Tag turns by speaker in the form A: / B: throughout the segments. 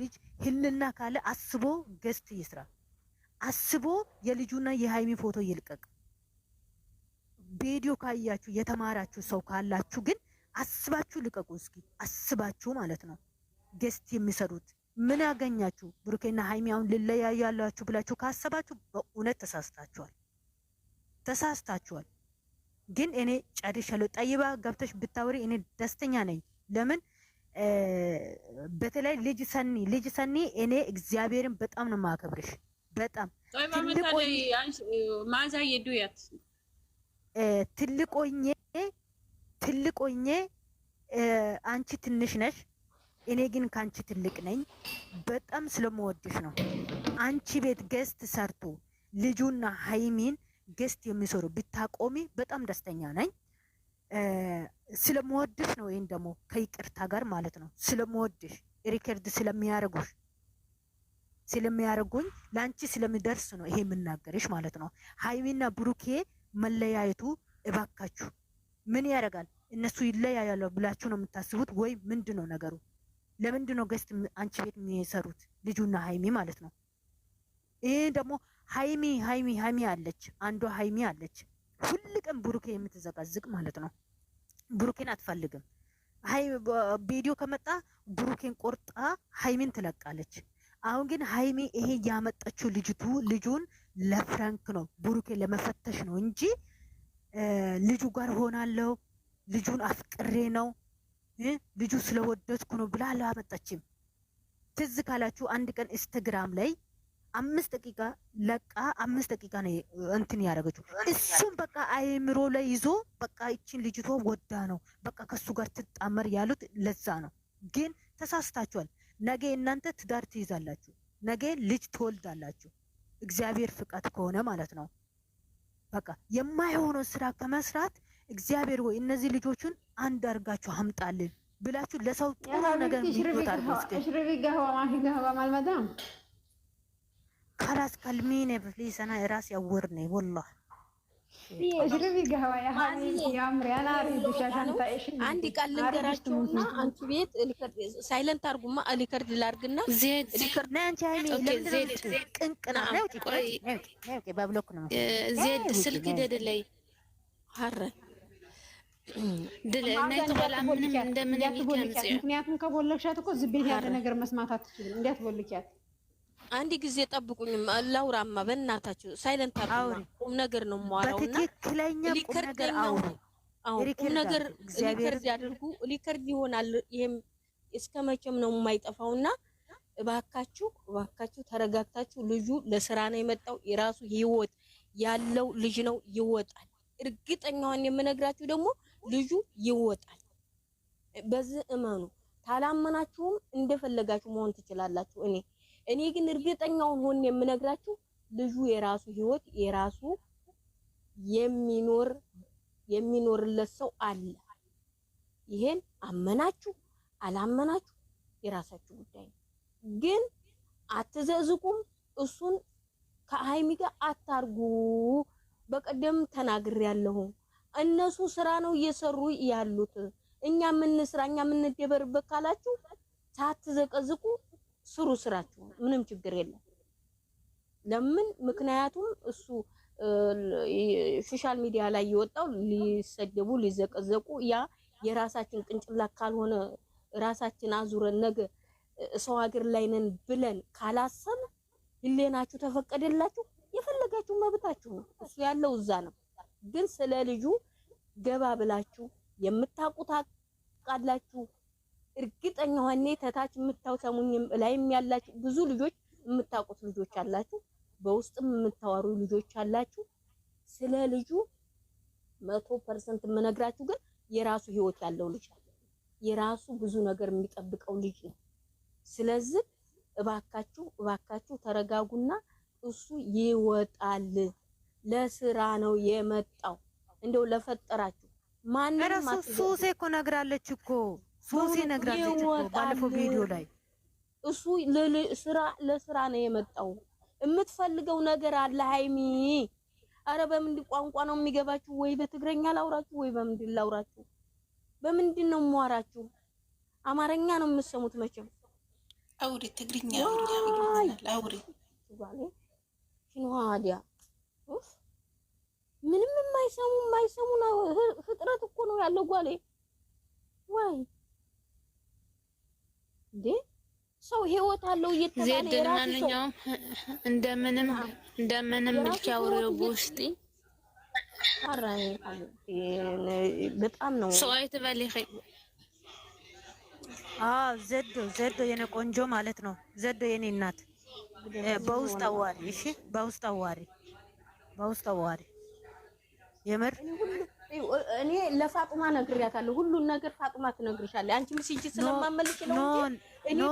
A: ልጅ ህልና ካለ አስቦ ገስት ይስራ፣ አስቦ የልጁና የሀይሚ ፎቶ ይልቀቅ። ቪዲዮ ካያችሁ የተማራችሁ ሰው ካላችሁ ግን አስባችሁ ልቀቁ። እስኪ አስባችሁ ማለት ነው። ገስት የሚሰሩት ምን ያገኛችሁ? ብሩኬና ሃይሚ አሁን ልለያያላችሁ ብላችሁ ካሰባችሁ በእውነት ተሳስታችኋል፣ ተሳስታችኋል። ግን እኔ ጨርሻለሁ። ጠይባ ገብተሽ ብታወሪ እኔ ደስተኛ ነኝ። ለምን በተለይ ልጅ ሰኒ ልጅ ሰኒ እኔ እግዚአብሔርን በጣም ነው የማከብርሽ። በጣም
B: ማዛ የዱያት
A: ትልቆኜ ትልቆኜ አንቺ ትንሽ ነሽ፣ እኔ ግን ከአንቺ ትልቅ ነኝ። በጣም ስለመወድሽ ነው አንቺ ቤት ገስት ሰርቶ ልጁና ሀይሚን ገስት የሚሰሩ ብታቆሚ በጣም ደስተኛ ነኝ። ስለምወድሽ ነው። ይህን ደግሞ ከይቅርታ ጋር ማለት ነው ስለምወድሽ ሪከርድ ስለሚያደርጉሽ ስለሚያደርጉኝ ለአንቺ ስለሚደርስ ነው ይሄ የምናገርሽ ማለት ነው። ሀይሚና ብሩኬ መለያየቱ እባካችሁ ምን ያደርጋል? እነሱ ይለያያሉ ብላችሁ ነው የምታስቡት ወይ? ምንድን ነው ነገሩ? ለምንድን ነው ገስት አንቺ ቤት የሚሰሩት ልጁና ሀይሚ ማለት ነው? ይህ ደግሞ ሀይሚ ሀይሚ ሀይሚ አለች፣ አንዷ ሀይሚ አለች፣ ሁል ቀን ብሩኬ የምትዘጋዝቅ ማለት ነው። ብሩኬን አትፈልግም። ቪዲዮ ከመጣ ብሩኬን ቆርጣ ሀይሚን ትለቃለች። አሁን ግን ሀይሚ ይሄ ያመጣችው ልጅቱ ልጁን ለፍረንክ ነው ብሩኬን ለመፈተሽ ነው እንጂ ልጁ ጋር ሆናለው ልጁን አፍቅሬ ነው ልጁ ስለወደድኩ ነው ብላ አላመጣችም። ትዝ ካላችሁ አንድ ቀን ኢንስተግራም ላይ አምስት ደቂቃ ለቃ አምስት ደቂቃ ነው እንትን ያደረገችው። እሱም በቃ አይምሮ ላይ ይዞ በቃ ይችን ልጅቶ ወዳ ነው በቃ ከሱ ጋር ትጣመር ያሉት ለዛ ነው። ግን ተሳስታችኋል። ነገ እናንተ ትዳር ትይዛላችሁ፣ ነገ ልጅ ትወልዳላችሁ፣ እግዚአብሔር ፍቃድ ከሆነ ማለት ነው። በቃ የማይሆነው ስራ ከመስራት እግዚአብሔር ወይ እነዚህ ልጆቹን አንድ አድርጋችሁ አምጣልን ብላችሁ ለሰው
C: ጥሩ ነገር ሚወት አድርገ
A: ከላስ ከልሜኔ በፍሊ ሰና ያወርነ ወላ
B: አንድ ቃል ልንገራችሁና አንቺ ቤት ሳይለንት አርጉማ ሊከርድ ላርግና ዜድ ስልክ ደድለይ
C: ምክንያቱም ከቦለሻት እኮ ዝቤት ያለ ነገር መስማት አትችልም። እንዴት ቦልኪያት
B: አንድ ጊዜ ጠብቁኝም ላውራማ፣ በእናታችሁ ሳይለንት አውሪ። ቁም ነገር ነው የማወራውና
A: ትክክለኛ
B: ቁም ነገር አውሪ። ቁም ነገር ሪከርድ ያድርጉ፣ ሪከርድ ይሆናል። ይሄም እስከ መቼም ነው የማይጠፋውና እባካችሁ እባካችሁ ተረጋግታችሁ። ልጁ ለስራ ነው የመጣው። የራሱ ህይወት ያለው ልጅ ነው፣ ይወጣል። እርግጠኛዋን የምነግራችሁ ደግሞ ልጁ ይወጣል። በዚህ እመኑ። ታላመናችሁም እንደፈለጋችሁ መሆን ትችላላችሁ። እኔ እኔ ግን እርግጠኛውን ሆን የምነግራችሁ ልጁ የራሱ ህይወት የራሱ የሚኖር የሚኖርለት ሰው አለ። ይሄን አመናችሁ አላመናችሁ የራሳችሁ ጉዳይ ነው። ግን አትዘዝቁም፣ እሱን ከሀይሚ ጋር አታርጉ። በቀደም ተናግር ያለሁ እነሱ ስራ ነው እየሰሩ ያሉት። እኛ ምን ስራ እኛ ምን ደበርበት ካላችሁ ሳትዘቀዝቁ ስሩ ስራችሁን፣ ምንም ችግር የለም። ለምን ምክንያቱም እሱ ሶሻል ሚዲያ ላይ የወጣው ሊሰደቡ ሊዘቀዘቁ፣ ያ የራሳችን ቅንጭላት ካልሆነ ራሳችን አዙረን ነገ ሰው ሀገር ላይ ነን ብለን ካላሰብ ህሌናችሁ ተፈቀደላችሁ፣ የፈለጋችሁ መብታችሁ ነው። እሱ ያለው እዛ ነው። ግን ስለ ልጁ ገባ ብላችሁ የምታውቁት አቃላችሁ እርግጠኛ ሆኜ ተታች የምታውሰሙኝም ላይም ያላችሁ ብዙ ልጆች የምታውቁት ልጆች አላችሁ፣ በውስጥም የምታወሩ ልጆች አላችሁ። ስለ ልጁ መቶ ፐርሰንት የምነግራችሁ ግን የራሱ ህይወት ያለው ልጅ አለ። የራሱ ብዙ ነገር የሚጠብቀው ልጅ ነው። ስለዚህ እባካችሁ እባካችሁ ተረጋጉና እሱ ይወጣል። ለስራ ነው የመጣው። እንደው ለፈጠራችሁ
A: ማንም ማሱ ሱሴ እኮ ነግራለች እኮ ፎሴ ነግራለች ባለፈው ቪዲዮ ላይ
B: እሱ ስራ ለስራ ነው የመጣው። የምትፈልገው ነገር አለ ሃይሚ። አረ በምንድን ቋንቋ ነው የሚገባችሁ? ወይ በትግረኛ ላውራችሁ፣ ወይ በምንድን ላውራችሁ? በምንድን ነው የማወራችሁ? አማርኛ ነው የምትሰሙት መቼም። አውሪ ትግርኛ አውሪ።
A: ሽንዋዲያ ምንም የማይሰሙ የማይሰሙ ፍጥረት እኮ ነው ያለው ጓሌ ወይ እንዴ ሰው ህይወት አለው
B: እየተባለ ማንኛውም እንደምንም እንደምንም ብቻ አውሬው ውስጥ በጣም ነው ሰው አይተበል
A: ዘዶ ዘዶ የኔ ቆንጆ ማለት ነው። ዘዶ የኔ እናት በውስጥ አዋሪ እሺ፣ በውስጥ አዋሪ፣ በውስጥ አዋሪ የምር
B: እኔ ለፋጡማ ነግሬያታለሁ። ሁሉን ነገር ፋጡማ ትነግርሻለች። አንቺ ሲጂ ስለማመልክ
A: ነው እንጂ ኖ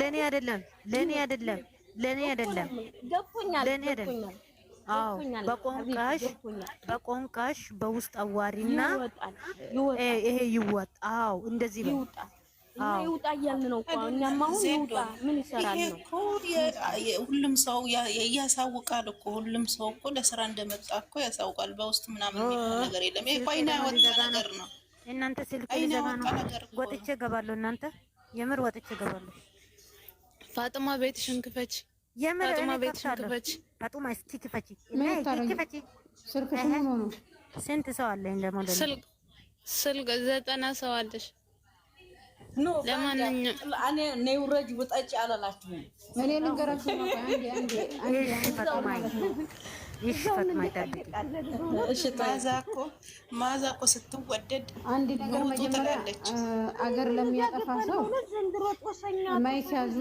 A: ለኔ አይደለም፣ ለኔ አይደለም፣ ለኔ አይደለም። ገፎኛል፣ ለኔ አይደለም። አዎ በቆንቃሽ በቆንቃሽ በውስጥ አዋሪና ይሄ ይወጣ። አዎ እንደዚህ ነው።
B: ይውጣ እያልን ነው እኮ አሁን ይውጣ ምን ይሰራል ነው
A: ሁሉም ሰው ያሳውቃል እኮ ሁሉም ሰው እኮ ለስራ እንደመጣ እኮ ያሳውቃል በውስጥ ምናምን የሚሆን ነገር የለም ይሄ እኮ አይና
B: ያወጣ ነገር ነው እናንተ ስልክ ነው ወጥቼ እገባለሁ እናንተ የምር ወጥቼ እገባለሁ ፋጥማ ቤትሽን ክፈች የምር ፋጥማ ቤትሽን ክፈች ፋጥማ እስኪ ክፈች ክፈች ስንት ሰው አለኝ ስልክ ስልክ ዘጠና ሰው አለሽ
A: ውረጅ ውጠጭ አላላችሁም። እኔ ልንገራችሁ ማዛ እኮ ስትወደድ አንድ ነገር መጀመሪያ አገር ለሚያጠፋ ሰው ማይክ ያዙ።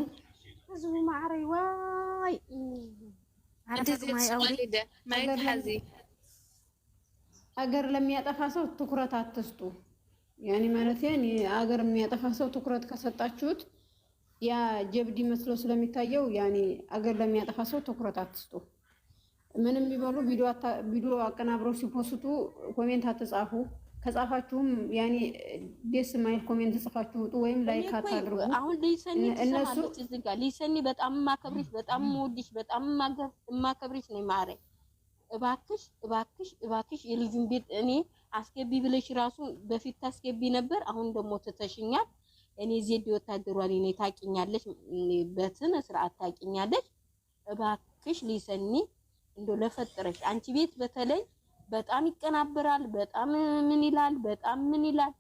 A: አገር ለሚያጠፋ ሰው ትኩረት አትስጡ። ያኔ ማለት ያን አገር የሚያጠፋ ሰው ትኩረት ከሰጣችሁት ያ ጀብድ መስሎ ስለሚታየው ያኔ አገር ለሚያጠፋ ሰው ትኩረት አትስጡ። ምንም ቢበሉ ቪዲዮ አቀናብረው ሲፖስቱ ኮሜንት አትጻፉ። ከጻፋችሁም ያኔ ደስ የማይል ኮሜንት ጽፋችሁ ውጡ ወይም ላይክ
B: አታድርጉ። አሁን ሊሰኒ እነሱ ዝጋ። ሊሰኒ በጣም ማከብሪሽ፣ በጣም ወድሽ፣ በጣም ማከብሪሽ ነው ማረ እባክሽ እባክሽ እባክሽ የልጁን ቤት እኔ አስገቢ ብለሽ ራሱ በፊት ታስገቢ ነበር። አሁን ደግሞ ትተሽኛል። እኔ ዜድ ወታደሯ ነኝ ታቂኛለሽ፣ በስነ ስርዓት ታቂኛለሽ። እባክሽ ሊሰኒ እንደው ለፈጠረሽ አንቺ ቤት በተለይ በጣም ይቀናበራል። በጣም ምን ይላል? በጣም ምን ይላል?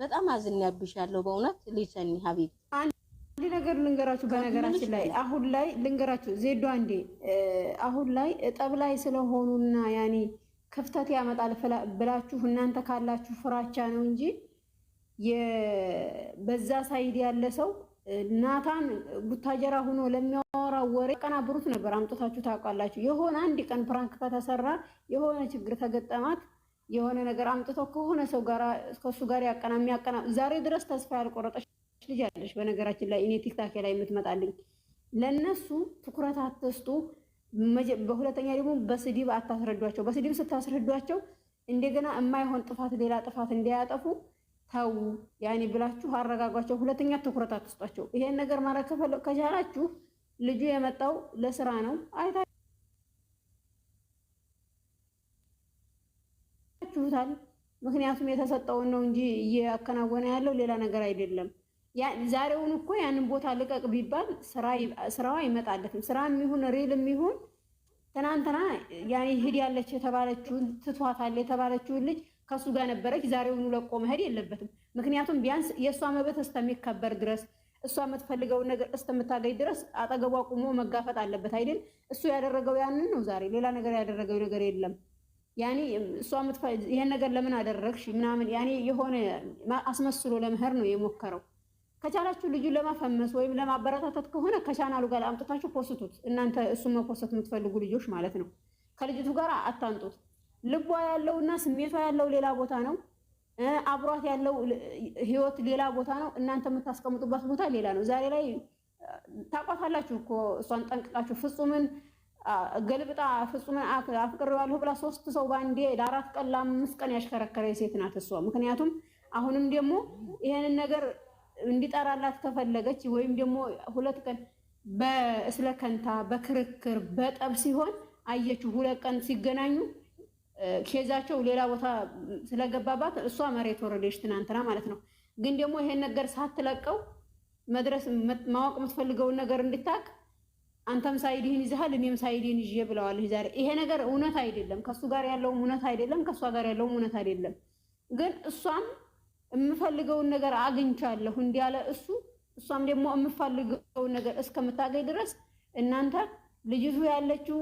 B: በጣም አዝኛብሻለሁ በእውነት ሊሰኒ ሀቢብ።
A: አንድ ነገር ልንገራችሁ፣ በነገራችን ላይ አሁን ላይ ልንገራችሁ ዜዶ አንዴ አሁን ላይ ጠብ ላይ ስለሆኑና ያኔ ክፍተት ያመጣል ብላችሁ እናንተ ካላችሁ ፍራቻ ነው እንጂ በዛ ሳይድ ያለ ሰው ናታን ቡታጀራ ሆኖ ለሚያወራ ወሬ ቀናብሩት ነበር። አምጦታችሁ ታውቃላችሁ። የሆነ አንድ ቀን ፕራንክ ከተሰራ የሆነ ችግር ተገጠማት የሆነ ነገር አምጥተው ከሆነ ሰው ጋር ከሱ ጋር ያቀና የሚያቀና ዛሬ ድረስ ተስፋ ያልቆረጠች ልጅ አለች። በነገራችን ላይ እኔ ቲክታኬ ላይ የምትመጣልኝ ለእነሱ ትኩረት አትስጡ። በሁለተኛ ደግሞ በስድብ አታስረዷቸው። በስድብ ስታስረዷቸው እንደገና የማይሆን ጥፋት ሌላ ጥፋት እንዳያጠፉ ተው ያኔ ብላችሁ አረጋጓቸው። ሁለተኛ ትኩረት አትስጧቸው። ይሄን ነገር ማድረግ ከቻላችሁ ልጁ የመጣው ለስራ ነው። አይታችሁታል። ምክንያቱም የተሰጠውን ነው እንጂ እያከናወነ ያለው ሌላ ነገር አይደለም። ዛሬውን እኮ ያንን ቦታ ልቀቅ ቢባል ስራዋ አይመጣለትም። ስራ የሚሆን ሪል የሚሆን ትናንትና ያኔ ሂድ ያለች የተባለችውን ትቷታል የተባለችውን ልጅ ከሱ ጋር ነበረች። ዛሬውኑ ለቆ መሄድ የለበትም። ምክንያቱም ቢያንስ የእሷ መብት እስከሚከበር ድረስ እሷ የምትፈልገውን ነገር እስከምታገኝ ድረስ አጠገቧ ቁሞ መጋፈጥ አለበት አይደል? እሱ ያደረገው ያንን ነው። ዛሬ ሌላ ነገር ያደረገው ነገር የለም። ያኔ እሷ ይህን ነገር ለምን አደረግሽ ምናምን ያኔ የሆነ አስመስሎ ለመሄድ ነው የሞከረው። ከቻላችሁ ልጁን ለማፈመስ ወይም ለማበረታታት ከሆነ ከቻናሉ ጋር አምጥታችሁ ፖስቱት። እናንተ እሱ መፖስት የምትፈልጉ ልጆች ማለት ነው። ከልጅቱ ጋር አታምጡት። ልቧ ያለውና ስሜቷ ያለው ሌላ ቦታ ነው። አብሯት ያለው ህይወት ሌላ ቦታ ነው። እናንተ የምታስቀምጡበት ቦታ ሌላ ነው። ዛሬ ላይ ታቋታላችሁ እኮ እሷን ጠንቅቃችሁ። ፍጹምን ገልብጣ ፍጹምን አፍቅሬዋለሁ ብላ ሶስት ሰው በአንዴ ለአራት ቀን ለአምስት ቀን ያሽከረከረ ሴት ናት እሷ። ምክንያቱም አሁንም ደግሞ ይሄንን ነገር እንዲጠራላት ከፈለገች ወይም ደግሞ ሁለት ቀን በእስለከንታ በክርክር በጠብ ሲሆን አየችው። ሁለት ቀን ሲገናኙ ኬዛቸው ሌላ ቦታ ስለገባባት እሷ መሬት ወረደች፣ ትናንትና ማለት ነው። ግን ደግሞ ይሄን ነገር ሳትለቀው መድረስ ማወቅ የምትፈልገውን ነገር እንድታቅ አንተም ሳይድህን ይዘሃል፣ እኔም ሳይድህን ይዤ ብለዋል ዛሬ። ይሄ ነገር እውነት አይደለም። ከእሱ ጋር ያለውም እውነት አይደለም፣ ከእሷ ጋር ያለውም እውነት አይደለም። ግን እሷም የምፈልገውን ነገር አግኝቻለሁ እንዲያለ እሱ እሷም ደግሞ የምፈልገውን ነገር እስከምታገኝ ድረስ እናንተ ልጅቱ ያለችው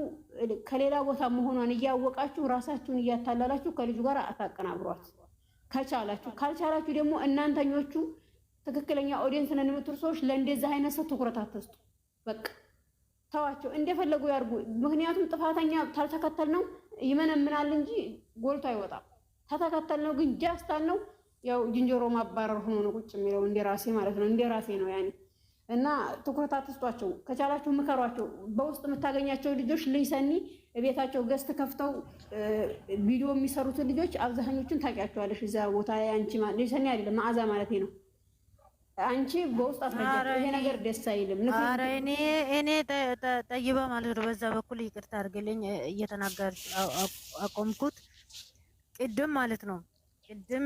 A: ከሌላ ቦታ መሆኗን እያወቃችሁ ራሳችሁን እያታላላችሁ ከልጁ ጋር አታቀናብሯት። ከቻላችሁ ካልቻላችሁ ደግሞ እናንተኞቹ ትክክለኛ ኦዲየንስ ነን የምትሉ ሰዎች ለእንደዚህ አይነት ሰው ትኩረት አትስጡ። በቃ ተዋቸው፣ እንደፈለጉ ያርጉ። ምክንያቱም ጥፋተኛ ታልተከተል ነው ይመነምናል እንጂ ጎልቶ አይወጣም። ተተከተል ነው ግን ጃስታል ነው ያው ዝንጀሮ ማባረር ሆኖ ነው ቁጭ የሚለው ራሴ ማለት ነው። ራሴ ነው ያኔ እና ትኩረት አትስጧቸው፣ ከቻላችሁ ምከሯቸው። በውስጥ የምታገኛቸው ልጆች ልይሰኒ ቤታቸው ገዝት ከፍተው ቪዲዮ የሚሰሩትን ልጆች አብዛኞቹን ታውቂያቸዋለሽ። እዛ ቦታ ላይ አንቺ ልጅ አይደለም መዓዛ ማለት ነው። አንቺ በውስጥ አስረጃ ይሄ ነገር ደስ አይልም።
B: እኔ እኔ ጠይባ ማለት ነው። በዛ በኩል ይቅርታ አድርግልኝ እየተናገር አቆምኩት ቅድም ማለት ነው ቅድም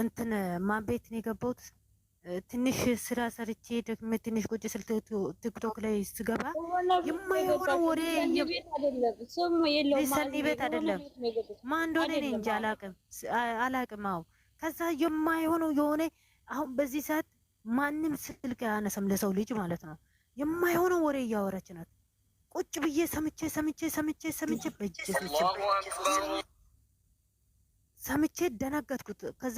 B: እንትን ማን ቤት ነው የገባሁት? ትንሽ ስራ ሰርቼ ደግሞ ትንሽ ቁጭ ስል ቲክቶክ ላይ ስገባ የማይሆነ ወሬ ሰኒ ቤት አይደለም ማን እንደሆነ እኔ እንጂ አላቅም አላቅም። አዎ ከዛ የማይሆነው የሆነ አሁን በዚህ ሰዓት ማንም ስልክ አያነሳም ለሰው ልጅ ማለት ነው። የማይሆነው ወሬ እያወራች ናት። ቁጭ ብዬ ሰምቼ ሰምቼ ሰምቼ ሰምቼ በእጅ ሰምቼ ደነገጥኩት። ከዛ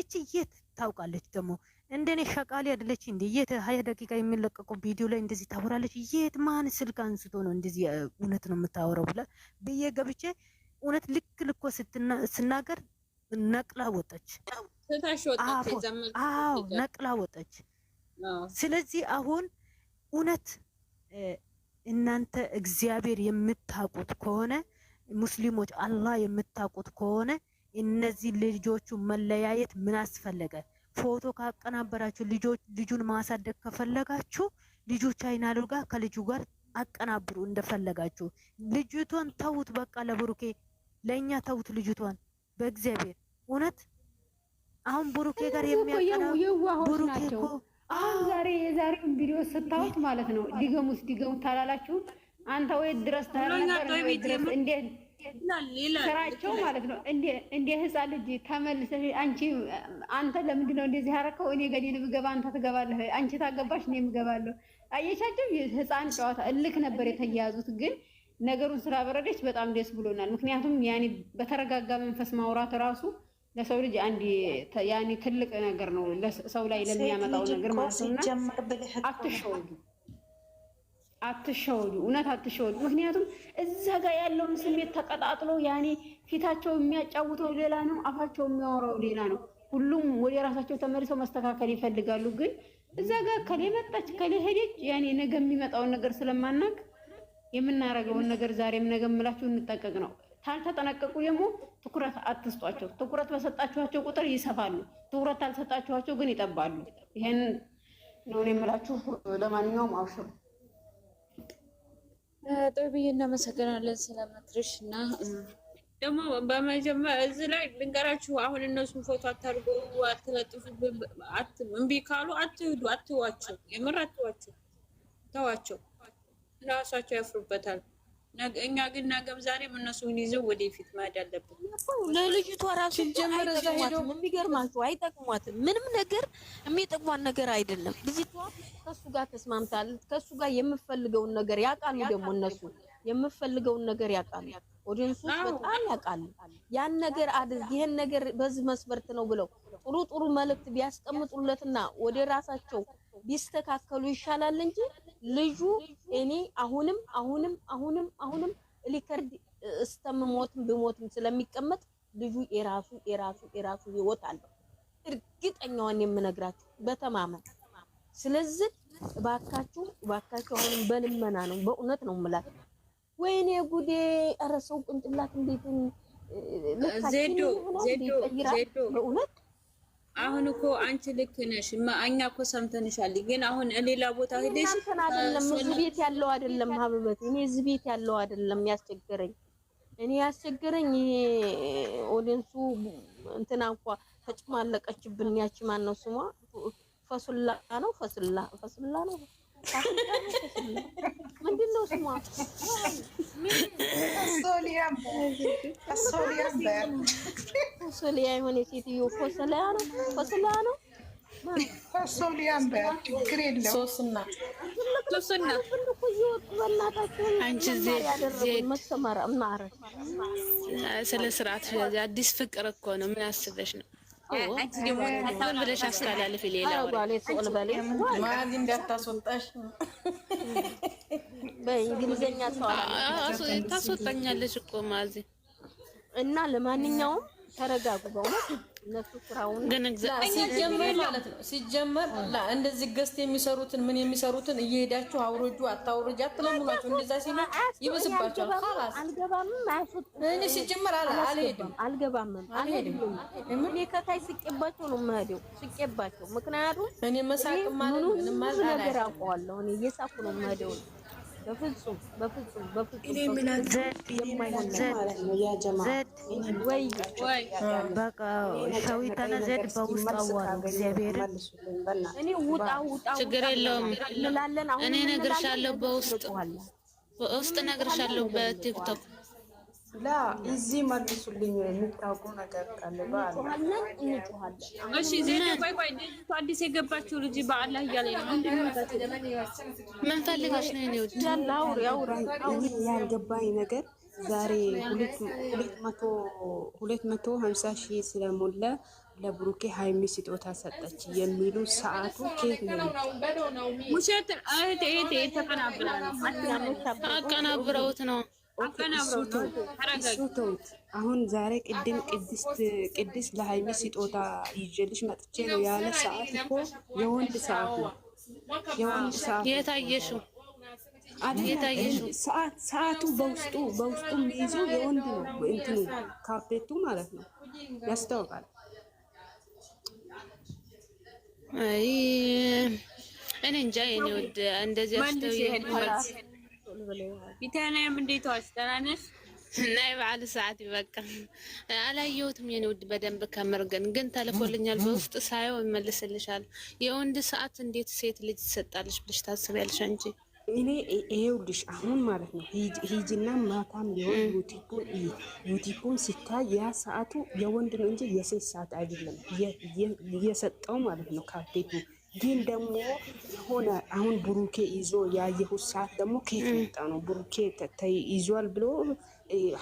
B: እቺ የት ታውቃለች ደግሞ እንደኔ ሸቃሊ አይደለች እንዴ? የት ሀያ ደቂቃ የሚለቀቁ ቪዲዮ ላይ እንደዚህ ታወራለች? የት ማን ስልክ አንስቶ ነው እንደዚህ እውነት ነው የምታወራው ብላ ብዬ ገብቼ እውነት ልክ ልኮ ስናገር ነቅላ ወጠች። አዎ ነቅላ ወጠች። ስለዚህ አሁን እውነት እናንተ እግዚአብሔር የምታውቁት ከሆነ ሙስሊሞች አላህ የምታውቁት ከሆነ እነዚህ ልጆቹ መለያየት ምን አስፈለገ? ፎቶ ካቀናበራችሁ ልጁን ማሳደግ ከፈለጋችሁ ልጁ ቻይናሉ ጋር ከልጁ ጋር አቀናብሩ እንደፈለጋችሁ። ልጅቷን ተውት፣ በቃ ለብሩኬ ለእኛ ተውት ልጅቷን በእግዚአብሔር እውነት። አሁን ብሩኬ
A: ጋር የሚያቀና አሁን ዛሬ የዛሬውን ቪዲዮ ስታዩት ማለት ነው። ዲገሙስ ዲገሙት ታላላችሁ። አንተ ወይ ድረስ
B: ታላላችሁ
A: እንዴት ስራቸው ማለት ነው። እንደ ህፃን ልጅ ተመልሰሽ አንቺ አንተ ለምንድን ነው እንደዚህ ያረከው? እኔ ገዴ ብገባ አንተ ትገባለህ፣ አንቺ ታገባሽ እኔ ምገባለሁ። አየቻቸው፣ ህፃን ጨዋታ እልክ ነበር የተያያዙት፣ ግን ነገሩን በረደች በጣም ደስ ብሎናል። ምክንያቱም ያኔ በተረጋጋ መንፈስ ማውራት ራሱ ለሰው ልጅ አንድ ያኔ ትልቅ ነገር ነው፣ ሰው ላይ ለሚያመጣው ነገር
B: ማለት ነው።
A: አትሸወዱ አትሸወዱ፣ እውነት አትሸወዱ። ምክንያቱም እዛ ጋር ያለውን ስሜት ተቀጣጥሎ ያኔ ፊታቸው የሚያጫውተው ሌላ ነው፣ አፋቸው የሚያወራው ሌላ ነው። ሁሉም ወደ ራሳቸው ተመልሰው መስተካከል ይፈልጋሉ። ግን እዛ ጋር ከሌ መጣች ከሌ ሄደች፣ ያኔ ነገ የሚመጣውን ነገር ስለማናቅ የምናረገውን ነገር ዛሬም ነገ የምላችሁ እንጠቀቅ ነው። ካልተጠነቀቁ ደግሞ ትኩረት አትስጧቸው። ትኩረት በሰጣችኋቸው ቁጥር ይሰፋሉ። ትኩረት አልሰጣችኋቸው ግን ይጠባሉ። ይሄን ነው የምላችሁ። ለማንኛውም አውሽም
B: ጥብዬ እናመሰግናለን ስለመትርሽ እና ደግሞ በመጀመሪያ እዚህ ላይ ልንገራችሁ፣ አሁን እነሱን ፎቶ አታርጎ አትለጥፉ። እምቢ ካሉ አትሂዱ፣ አትዋቸው፣ የምር አትዋቸው፣ ተዋቸው። ራሷቸው ያፍሩበታል። እኛ ግን ነገም ዛሬም እነሱን ይዘው ወደፊት መሄድ አለብን።
A: ለልጅቷ ራሱ ጀመረ አይጠቅሟትም። የሚገርማችሁ አይጠቅሟትም። ምንም ነገር የሚጠቅሟት ነገር አይደለም። ልጅቷ ከሱ ጋር ተስማምታል። ከሱ ጋር የምፈልገውን ነገር ያውቃሉ። ደግሞ እነሱ የምፈልገውን ነገር ያውቃሉ። ኦዲንሱ በጣም ያውቃሉ። ያን ነገር አድርግ፣ ይሄን ነገር በዚህ መስፈርት ነው ብለው ጥሩ ጥሩ መልእክት ቢያስቀምጡለትና ወደ ራሳቸው ቢስተካከሉ ይሻላል እንጂ ልጁ እኔ አሁንም አሁንም አሁንም አሁንም ሊከርድ እስተምሞትም ብሞትም ስለሚቀመጥ ልጁ የራሱ የራሱ የራሱ ህይወት አለው። እርግጠኛዋን የምነግራችሁ በተማመን ስለዚህ እባካችሁ እባካችሁ አሁንም በልመና ነው፣ በእውነት ነው የምላት። ወይኔ ጉዴ! ኧረ ሰው ቅንጭላት እንዴት
B: ዜዶ ዜዶ ዜዶ በእውነት አሁን እኮ አንቺ ልክ ነሽ፣ እኛ እኮ ሰምተንሻል። ግን አሁን ሌላ ቦታ
A: ሄደሽ አይደለም። እዚህ ቤት ያለው አይደለም ሀብበት። እኔ እዚህ ቤት ያለው አይደለም ያስቸገረኝ። እኔ ያስቸገረኝ ይሄ ኦዲንሱ እንትና እንኳ ተጭማለቀችብን። ያቺ ማን ነው ስሟ? ፈሱላ ነው ፈሱላ፣ ፈሱላ ነው ምንድን ነው ስሟ? የሆነ ሴትዮ ኮሰላያ ነው፣ ኮሰላያ ነው።
B: ስለ ስርዓት አዲስ ፍቅር እኮ ነው። ምን አስበሽ ነው? ብለሽ አስተላልፊ። ሌላ ባሌ እንዳታስወጣሽ
A: በእንግሊዘኛ
B: ታስወጣኛለች እኮ ማዚ
A: እና ለማንኛውም ተረጋጉ። በእውነት እነሱ ስራውን
B: ግን ሲጀመር ማለት ነው ሲጀመር እንደዚህ ገዝት የሚሰሩትን ምን የሚሰሩትን እየሄዳችሁ አውርጁ አታውርጅ አትለምኗቸው። እንደዛ ሲሉ ይብስባቸዋል።
A: አልገባምም፣
B: እኔ ሲጀመር አልሄድም፣
A: አልገባምም፣ አልሄድም። እኔ ከታይ ስቄባቸው ነው የምሄደው፣ ስቄባቸው። ምክንያቱም
B: እኔ መሳቅም
A: ማለት ምንም ነገር አውቀዋለሁ። እኔ እየሳኩ ነው የምሄደው
B: ችግር የለውም እኔ እነግርሻለሁ፣ በውስጥ በውስጥ እነግርሻለሁ በቲክቶክ
A: ላ እዚህ መልሱልኝ። የምታውቁ ነገር ካለ
B: አዲስ የገባችው ልጅ በአላህ እያለ ምን ፈልጋሽ ነው?
A: ያልገባኝ ነገር ዛሬ ሁለት መቶ ሀምሳ ሺህ ስለሞላ ለብሩኬ ሀይሚ ስጦታ ሰጠች የሚሉ ሰዓቱ ኬት ነው?
B: ውሸት ተቀናብረውት ነው
A: እሱ ተውት። አሁን ዛሬ ቅድም ቅድስት ለሀይሚ ስጦታ ይዤልሽ መጥቼ ነው ያለ ሰዓት እኮ የወንድ ሰዓት ነው። የወንድ
B: ሰዓት የታየሽው
A: ሰዓቱ በውስጡ በውስጡ የሚይዙ የወንድ ነው። እንትኑ ካርፔቱ ማለት ነው ያስታውቃል።
B: እኔ እንጃ የኔ ወድ እንደዚህ
A: ያስተው
B: ቢታንያም እንዴት ዋልሽ? ደህና ነሽ? እና የበዓል ሰዓት ይበቃ። አላየሁትም የኔ ውድ በደንብ ከምር ግን ግን ተልኮልኛል። በውስጥ ሳየው ይመልስልሻል። የወንድ ሰዓት እንዴት ሴት ልጅ ትሰጣለች ብለሽ ታስቢያለሽ እንጂ
A: እኔ ይኸውልሽ አሁን ማለት ነው ሂጅና ማታም ቢሆን ዩቲፑን ዩቲፑን ሲታይ ያ ሰዓቱ የወንድ ነው እንጂ የሴት ሰዓት አይደለም። እየሰጠው ማለት ነው ካርቴቱ ግን ደግሞ የሆነ አሁን ብሩኬ ይዞ ያየሁት ሰዓት ደግሞ ከየት መጣ ነው? ብሩኬ ይዟል ብሎ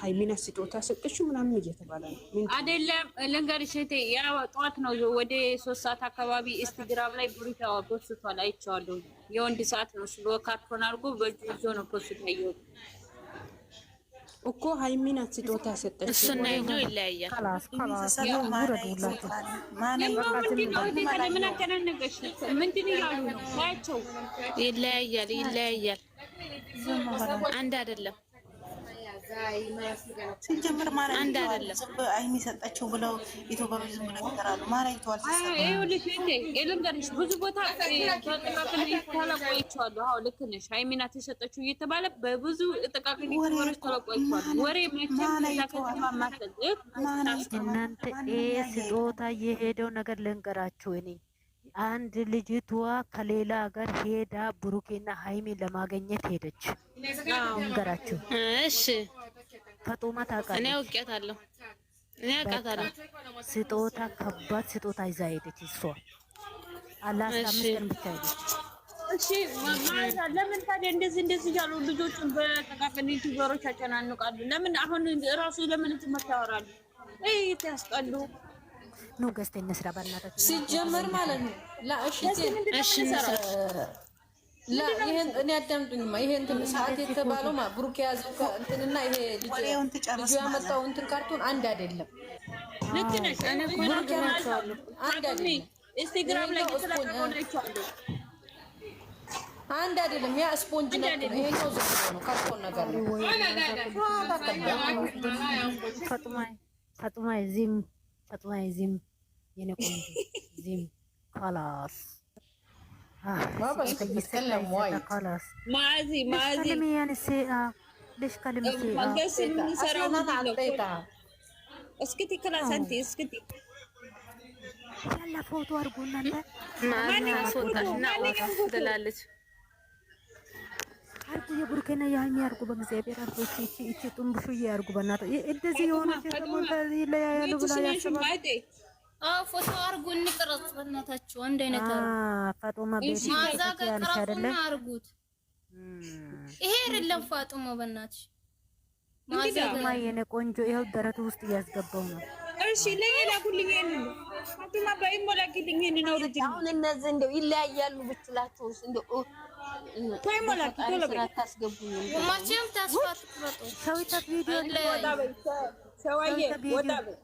A: ሀይሚና ስጦታ ሰጠችው ምናምን እየተባለ
B: ነው። አይደለም ልንገርሽ፣ ያ ጠዋት ነው ወደ ሶስት ሰዓት አካባቢ ኢንስታግራም ላይ ብሩኬ ፖስቷል፣ አይቼዋለሁ። የወንድ ሰዓት ነው ስሎ ካርቶን አድርጎ በእጁ ይዞ ነው ፖስት ያየሁት።
A: እኮ ሀይሚ ስጦታ ሰጠች።
B: እሱና ይዞ ይለያያል። ይለያያል፣ ይለያያል። አንድ አይደለም።
A: ሲጀምር ማርያም አንድ አይደለም። አይሚ ሰጠችው ብለው ኢትዮጵያዊ ዝም ብለው ይሰራሉ። ማርያም ይተዋል።
B: ይኸውልሽ ብዙ ቦታ ተለቆይቼዋለሁ። አዎ ልክ ነሽ። አይሚ ናት የሰጠችው እየተባለ በብዙ ጥቃቅን ወሬ ተለቆይቼዋለሁ። ወሬ
A: እናንተ ስጦታ የሄደው ነገር ልንገራችሁ እኔ አንድ ልጅቷ ከሌላ ሀገር ሄዳ ብሩኬና ሀይሚን ለማገኘት ሄደች።
B: ልንገራችሁ እሺ ፈጦማ ታውቃለች። እኔ አውቄያታለሁ። እኔ አውቃታለሁ።
A: ስጦታ ከባድ ስጦታ ይዛ ሄደች። እሷ አምስት ቀን ብቻ ሄደች።
B: እሺ ለምን ታዲያ እንደዚህ እንደዚህ ያሉ ዩቲዩበሮች ያጨናንቃሉ? ለምን አሁን ራሱ ለምን ትምህርት ያወራሉ? ነው። እንስራ ሲጀመር ማለት ነው። እሺ እሺ እንስራ ይሄን ያዳምጡኝማ። ይሄ እንትን ሰዓት የተባለው ብሩክ የያዘው እንትንና ይሄ ልጁ ያመጣው እንትን ካርቱን አንድ አይደለም። ልክ ነሽ። አንድ አይደለም። ኢንስታግራም ላይ
A: አንድ አይደለም። ያ ስፖንጅ ነው። ይሄኛው ዝም ብሎ ነው ካርቶን ነገር ነው። ፈጥማ ዚም ፈጥማ ዚም የኔ ቆንጆ ዚም ካላስ ያለ ፎቶ አድርጎ
B: እናንተ ትላለች
A: አርጉ የቡርኬና የሀይሚ አርጉ፣ በእግዚአብሔር አርጉ። እቺ እቺ እቺ ጥንብሹዬ አርጉ፣ በእናትህ እንደዚህ የሆነች ደግሞ ለያያሉ
B: ብላ ያስባል ፎቶ አርጉ እንቅረጽ። በእናታችሁ አንድ አይነት ፋጡማ ቤት ማዛ ከቀረጹና አርጉት። ይሄ አይደለም ፋጡማ፣ በእናትሽ
A: ማዛማ የኔ ቆንጆ፣ ይኸው ደረቱ ውስጥ እያስገባው
B: ነው። እሺ ለሌላ ሁልኝ ይሄን ፋጡማ ባይሞ ላኪልኝ
A: ይሄን ነው ልጅ። አሁን እነዚህ እንደው ይለያያሉ ብትላችሁ እንደው
B: ታስገቡኝ ወማችም ታስፋት
A: ትረጡ ሰው ይታት ቪዲዮ
B: ወጣ በይ፣ ሰው ወጣ በይ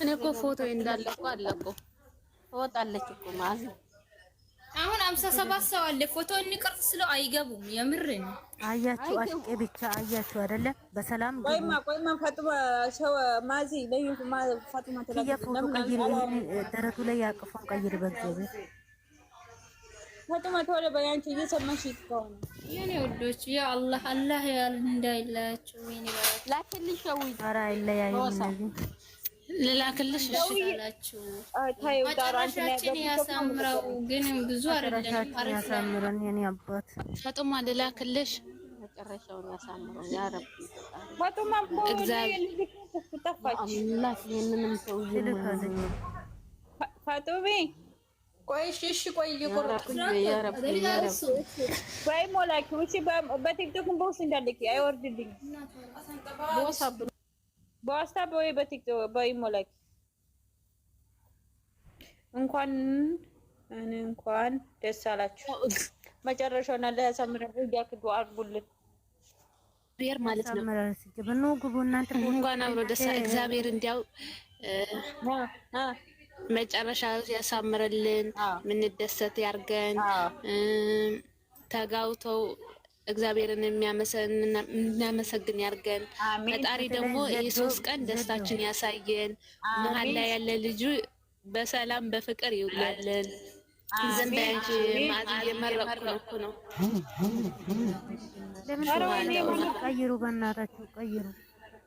B: እኔ እኮ ፎቶ እንዳለ እኮ አለ እኮ ትወጣለች እኮ ማለት ነው። አሁን አምሳ ሰባት ሰው አለ። ፎቶ እንቅርጽ ስለው አይገቡም። የምር
A: አያችሁ፣ አሽቄ ብቻ አያችሁ አይደለ? በሰላም
B: ቆይማ ቆይማ ፈጥማ ሰው ማዚ ለዩ ማ ፈጥማ
A: ተላቀ ደረቱ ላይ ያቅፎን ቀይር በእግዚአብሔር
B: ፈጥማ ተወለ በያንቺ እየሰማሽ ከሆነ የኔ ውዶች ያ አላህ ያል እንዳይላችሁ ልላክልሽ ይችላላችሁ መጨረሻችን ያሳምረው ግን ብዙ
A: አይደለም ያሳምረን የኔ አባት
B: ፈጥማ ልላክልሽ
A: መጨረሻውን ያሳምረው ያ ረብ
B: ፈጥማ እግዚአብሔር
A: ይህንንም ሰውዬ
B: ፈጡቤ ቆይ እሺ፣ እሺ፣ ቆይ
A: እየቆረጥኩ
B: ሞላኪ ውጪ፣ በቲክቶክም በውስጥ እንዳልክ አይወርድልኝ። በዋትስአፕ ወይ በቲክቶክ በይ ሞላኪ። እንኳን እንኳን ደስ አላችሁ። መጨረሻውን አላህ ያሳምረን። እያክ ዱአ እግዚአብሔር ማለት ነው እንኳን አብሮ ደስ እግዚአብሔር እንዲያው መጨረሻ ያሳምርልን፣ ምንደሰት ያርገን። ተጋውተው እግዚአብሔርን የሚያመሰግን ያርገን። ፈጣሪ ደግሞ የሶስት ቀን ደስታችን ያሳየን። መሀል ላይ ያለ ልጁ በሰላም በፍቅር ይውላለን። ዝም በያንቺ ማዝ እየመረቁ ነው።
A: ቀይሩ፣ በእናታችሁ ቀይሩ።